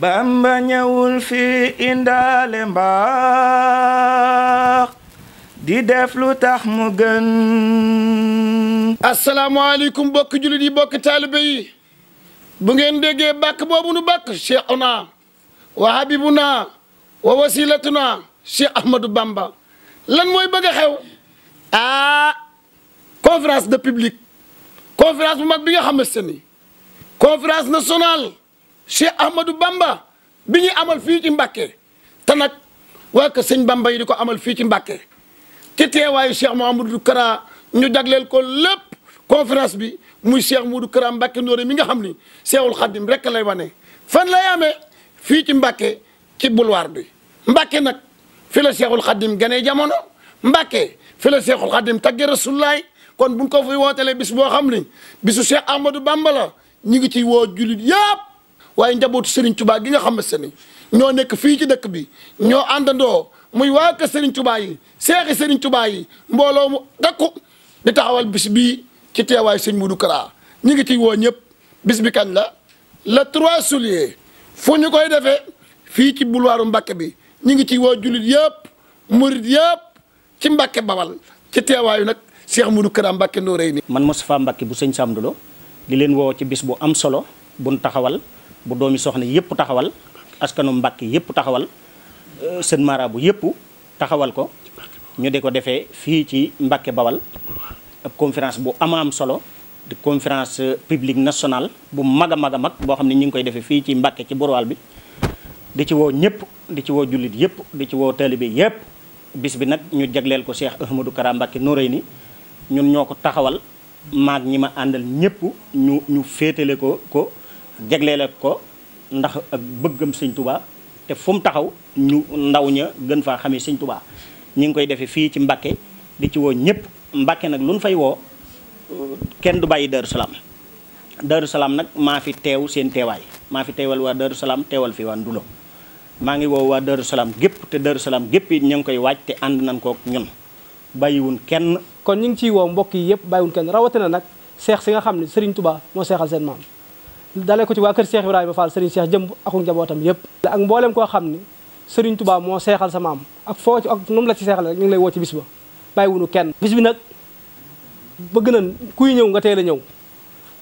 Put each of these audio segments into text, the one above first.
bamba ñëwul fi indaale mbaax di def lu tax mu gën asalaamaaleykum bokk julit yi bokk taalibe bu ngeen déggee bàkk boobu nu bàkk cheikhuna wa habibuna wa wasilatuna cheikh ahmadou bamba lan mooy bëgg xew ah conférence de public conférence bu mag bi nga xamante ni conférence nationale Cheikh Ahmadou Bamba bi ñuy amal fii ci Mbàkke te nag waa ko sëñ Bamba yi di ko amal fii ci Mbàkke ci teewaayu Cheikh Mouhamadou Kara ñu jagleel ko lépp conférence bi muy Cheikh Moudou Kara Mbàkke Ndoore mi nga xam ni Seexul Xaddim rek lay wane fan lay amee fii ci Mbàkke ci boulevard bi Mbàkke nag fi la Seexul Xaddim gane jamono Mbàkke fi la Seexul Xaddim tagge Rasulaay kon buñ ko fi wootelee bis boo xam ni bisu Cheikh Ahmadou Bamba la ñu ngi ciy woo jullit yëpp waaye njabootu Serigne Touba gi nga xam ne ñoo nekk fii ci dëkk bi ñoo àndandoo muy waa kër Serigne Touba yi seexi Serigne Touba yi mbooloo mu takku di taxawal bis bi ci teewaayu sëñ Modou Kara ñu ngi ciy woo ñëpp bis bi la le 3 juillet koy defee fii ci boulevard Mbacke bi ñu ngi ciy woo jullit yëpp murit yëpp ci Mbacke Bawal ci teewaayu nag Cheikh Modou Kara Mbacke Noreyni. man Moustapha mbakke bu sëñ Samdulo di leen woo ci bis bu am solo buñ taxawal. bu doomi soxna yëpp taxawal askanu Mbàkke yëpp taxawal euh, seen marabu yëpp taxawal ko ñu de ko defee fii ci Mbàkke Bawal ab bu ama am solo di conférence publique nationale bu mag a mag a mag boo xam ne ñu ngi koy defee fii ci Mbàkke ci Borowaal bi di ci woo ñëpp di ci woo jullit yëpp di ci woo taalibe yëpp bis bi nag ñu jagleel ko Cheikh Ahmadou Kara Mbacké Noreyni ñun ñoo ko taxawal maag ñi ma àndal ñëpp ñu ñu féetale ko ko jagleele ko ndax ak bëggam sëñ tubaa te fu mu taxaw ñu ndaw ña gën faa xamee sëñ tubaa ñu ngi koy defee fii ci Mbàkke di ci woo ñëpp Mbàkke nag lu nu fay woo kenn du bàyyi Daaru Salaam Daaru Salaam nag maa fi teew seen teewaay maa fi teewal waa Daaru Salaam teewal fi waa Ndulo maa ngi woo waa Daaru Salaam gépp te Daaru Salaam gépp it ñu ngi koy waaj te ànd nañ kook ñun bàyyiwun kenn kon ñu ngi ciy woo mbokk yi yëpp bàyyiwun kenn rawatina nag seex si nga xam ne Sëriñ Tuubaa moo seexal seen maam dalee ko ci waa kër Cheikh Ibrahima Fall Serigne Cheikh jëmb ak njabootam yëpp ak mboolem koo xam ni Serigne tubaab moo seexal sa maam ak foo ci ak noonu la ci seexal rek ñu ngi lay woo ci bis ba bàyyiwunu kenn bis bi bëgg na kuy ñëw nga teel a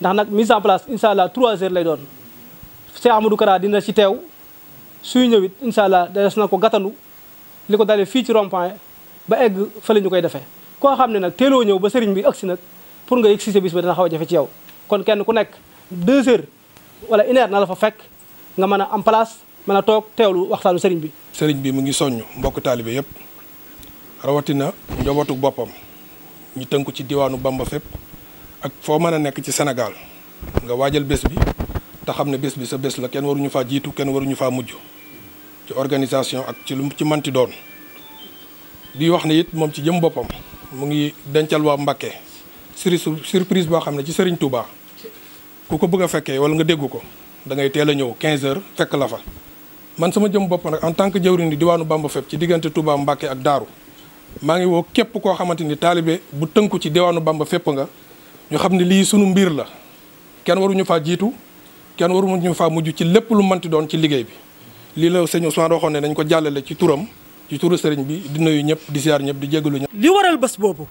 ndax nag mise en place incha allah 3 heures lay doon Cheikh Amadou Kara dina ci teew suy ñëw it incha allah des na ko gàttandu li ko dalee fii ci rond ba egg fële ñu koy defee koo xam ne nag teeloo ñëw ba sëriñ bi si nag pour nga yegg si sa bis ba dina xaw jafe ci yow kon kenn ku nekk 2 heures wala une na la fa fekk nga mën a am place mën a toog teewlu waxtaanu sëriñ bi sëriñ bi mu ngi soññ mbokk taalibe yëpp rawatina njobootu boppam ñu tënku ci diwaanu Bamba fépp ak foo mën a nekk ci Sénégal nga waajal bés bi te xam ne bés bi sa bés la kenn waruñu faa jiitu kenn waruñu faa mujj ci organisation ak ci lu ci manti doon di wax ne it moom ci jëm boppam mu ngi dencal waa Mbakke surprise boo xam ne ci Serigne Touba. ku ko bëgg fekkee wala nga dégg ko da ngay a ñëw 15 heures fekk la fa man sama jëm bopp nag en tant que jëwriñ di diwaanu Bamba Fepp ci diggante Touba Mbacke ak Daaru maa ngi woo képp koo xamante ni taalibe bu tënku ci diwaanu Bamba Fepp nga ñu xam ne lii sunu mbir la kenn waruñu faa jiitu kenn waru ñu faa mujj ci lépp lu mënti doon ci liggéey bi lii la sëñ Ousmane waxoon ne dañ ko jàllale ci turam ci turu sëriñ bi di nuyu ñëpp di siyaar ñëpp di jégalu ñëpp. li waral bés boobu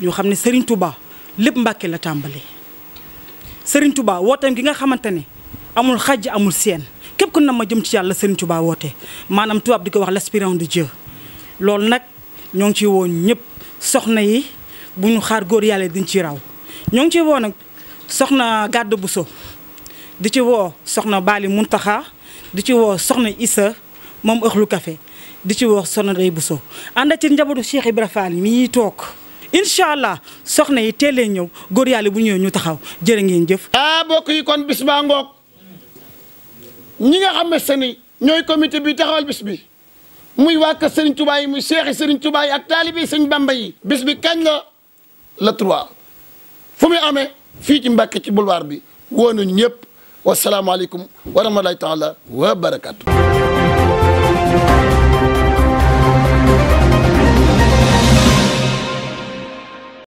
ñu xam ne sëriñ Touba lépp Mbacke la tàmbalee. Serigne Touba wooteem gi nga xamante ne amul xaj amul seen képp ku na ma jëm ci yàlla Serigne Touba woote maanaam tubaab di ko wax l'aspirant di Dieu loolu nag ñoo ngi ciy woon ñëpp soxna yi bu ñu xaar góor yàlla diñ ci raw ñoo ngi ciy woo nag soxna Gàdd Buso di ci woo soxna Bali Muntaxa di ci woo soxna isa moom ëxlu kafe di ci woo soxna Day Buso ànd ci njabootu Cheikh Ibra Fall mi toog incha allah soxna yi teelee ñëw góor yàlla bu ñëwee ñu taxaw jërë ngeen jëf. ah mbokk yi kon bis baa ngoog ñi nga xam ne seni ñooy comité bi taxawal bis bi muy waa kër Serigne yi muy seexi Serigne Touba yi ak taalibi Serigne Bamba yi. bis bi kañ la la trois fu muy amee fii ci Mbàkke ci boulevard bi woo nañu ñëpp wasalaamaaleykum wa rahmatulahi taala wa barakaatu.